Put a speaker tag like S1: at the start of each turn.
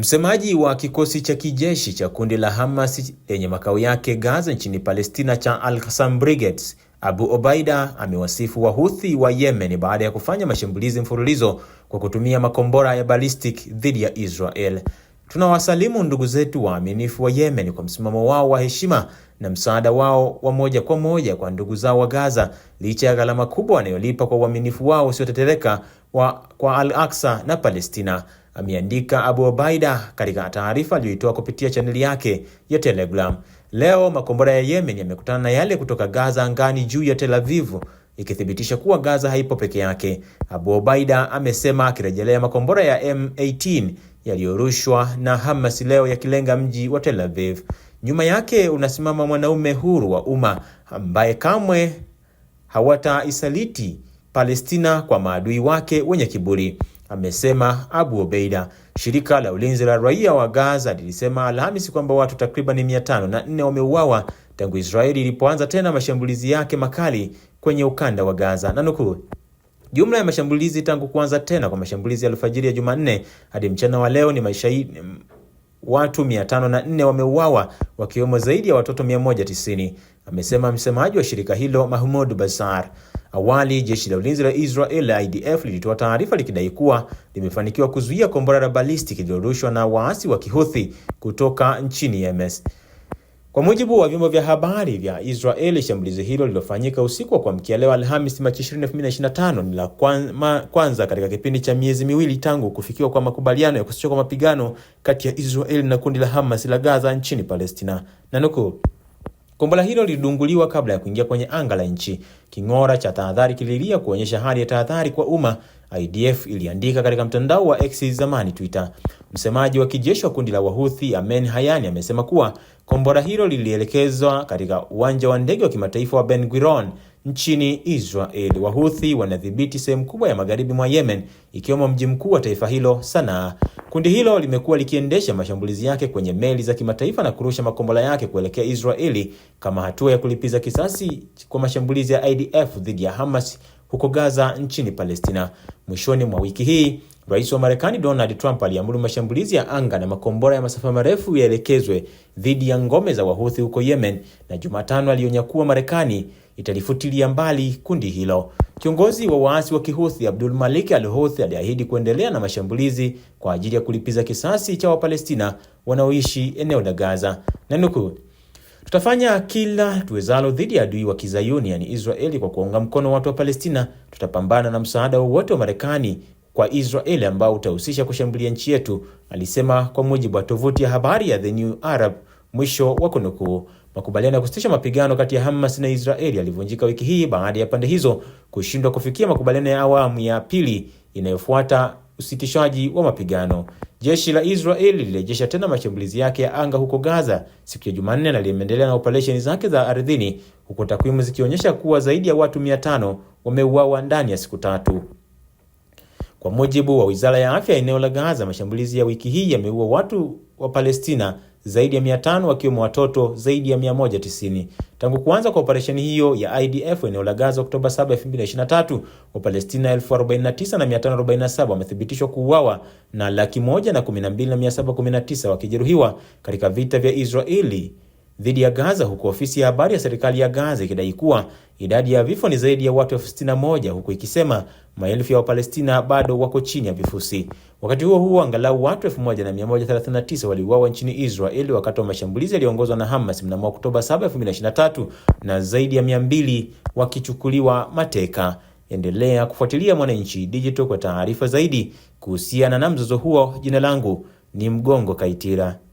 S1: Msemaji wa kikosi cha kijeshi cha kundi la Hamas lenye makao yake Gaza nchini Palestina cha Al-Qassam Brigades, Abu Obaida amewasifu Wahuthi wa Yemen baada ya kufanya mashambulizi mfululizo kwa kutumia makombora ya ballistic dhidi ya Israel. Tunawasalimu ndugu zetu waaminifu wa Yemen kwa msimamo wao wa heshima na msaada wao wa moja kwa moja kwa ndugu zao wa Gaza, licha ya gharama kubwa wanayolipa kwa uaminifu wao usiotetereka wa kwa Al-Aqsa na Palestina, ameandika Abu Obaida katika taarifa aliyoitoa kupitia chaneli yake ya Telegram. Leo makombora ya Yemen yamekutana na yale kutoka Gaza angani juu ya Tel Aviv, ikithibitisha kuwa Gaza haipo peke yake. Abu Obaida amesema, akirejelea makombora ya M18 yaliyorushwa na Hamas leo yakilenga mji wa Tel Aviv. Nyuma yake unasimama mwanaume huru wa umma ambaye kamwe hawataisaliti Palestina kwa maadui wake wenye kiburi, amesema Abu Obeida. Shirika la ulinzi la raia wa Gaza lilisema Alhamisi kwamba watu takriban 504 wameuawa tangu Israeli ilipoanza tena mashambulizi yake makali kwenye ukanda wa Gaza na nukuu Jumla ya mashambulizi tangu kuanza tena kwa mashambulizi ya alfajiri ya Jumanne hadi mchana wa leo ni maisha watu 504 wameuawa wakiwemo zaidi ya watoto 190, amesema msemaji wa shirika hilo Mahmoud Bazar. Awali jeshi la ulinzi la Israel IDF lilitoa taarifa likidai kuwa limefanikiwa kuzuia kombora la balistiki lililorushwa na waasi wa Kihuthi kutoka nchini Yemen. Kwa mujibu wa vyombo vya habari vya Israeli, shambulizi hilo lilofanyika usiku wa kuamkia leo Alhamis, Machi 20, 2025 ni la kwanza katika kipindi cha miezi miwili tangu kufikiwa kwa makubaliano ya kusitishwa kwa mapigano kati ya Israeli na kundi la Hamas la Gaza nchini Palestina. Nanukuu, Kombora hilo lilidunguliwa kabla ya kuingia kwenye anga la nchi. King'ora cha tahadhari kililia kuonyesha hali ya tahadhari kwa umma, IDF iliandika katika mtandao wa X zamani Twitter. Msemaji wa kijeshi wa kundi la Wahuthi Amen Hayani amesema kuwa kombora hilo lilielekezwa katika uwanja wa ndege wa kimataifa wa Ben Gurion nchini Israel. Wahuthi wanadhibiti sehemu kubwa ya magharibi mwa Yemen, ikiwemo mji mkuu wa taifa hilo Sanaa. Kundi hilo limekuwa likiendesha mashambulizi yake kwenye meli za kimataifa na kurusha makombora yake kuelekea Israeli kama hatua ya kulipiza kisasi kwa mashambulizi ya IDF dhidi ya Hamas huko Gaza nchini Palestina. Mwishoni mwa wiki hii Rais wa Marekani Donald Trump aliamuru mashambulizi ya anga na makombora ya masafa marefu yaelekezwe dhidi ya ngome za Wahuthi huko Yemen, na Jumatano alionya kuwa Marekani italifutilia mbali kundi hilo. Kiongozi wa waasi wa Kihuthi Abdul Malik al-Houthi aliahidi kuendelea na mashambulizi kwa ajili ya kulipiza kisasi cha Wapalestina wanaoishi eneo la Gaza. Nanukuu, tutafanya kila tuwezalo dhidi ya adui wa Kizayuni, yani Israeli, kwa kuwaunga mkono watu wa Palestina. Tutapambana na msaada wowote wa Marekani kwa Israeli ambao utahusisha kushambulia nchi yetu, alisema kwa mujibu wa tovuti ya habari ya The New Arab, mwisho wa kunukuu. Makubaliano ya kusitisha mapigano kati ya Hamas na Israeli yalivunjika wiki hii baada ya pande hizo kushindwa kufikia makubaliano ya awamu ya pili inayofuata usitishaji wa mapigano. Jeshi la Israeli lilirejesha tena mashambulizi yake ya anga huko Gaza siku ya Jumanne na limeendelea na operesheni zake za ardhini, huku takwimu zikionyesha kuwa zaidi ya watu 500 wameuawa ndani ya siku tatu. Kwa mujibu wa wizara ya afya eneo la Gaza, mashambulizi ya wiki hii yameua watu wa Palestina zaidi ya 500 wakiwemo watoto zaidi ya 190. Tangu kuanza kwa operesheni hiyo ya IDF eneo la Gaza Oktoba 7, 2023, Wapalestina 49547 wamethibitishwa kuuawa na laki moja na 12719 wakijeruhiwa katika vita vya Israeli dhidi ya Gaza, huku ofisi ya habari ya serikali ya Gaza ikidai kuwa idadi ya vifo ni zaidi ya watu 61 huku ikisema maelfu ya Wapalestina bado wako chini ya vifusi. Wakati huo huo, angalau watu 1139 waliuawa nchini Israel wakati wa mashambulizi yaliyoongozwa na Hamas mnamo Oktoba 7, 2023 na zaidi ya 200 wakichukuliwa mateka. Endelea kufuatilia Mwananchi Digital kwa taarifa zaidi kuhusiana na mzozo huo. Jina langu ni Mgongo Kaitira.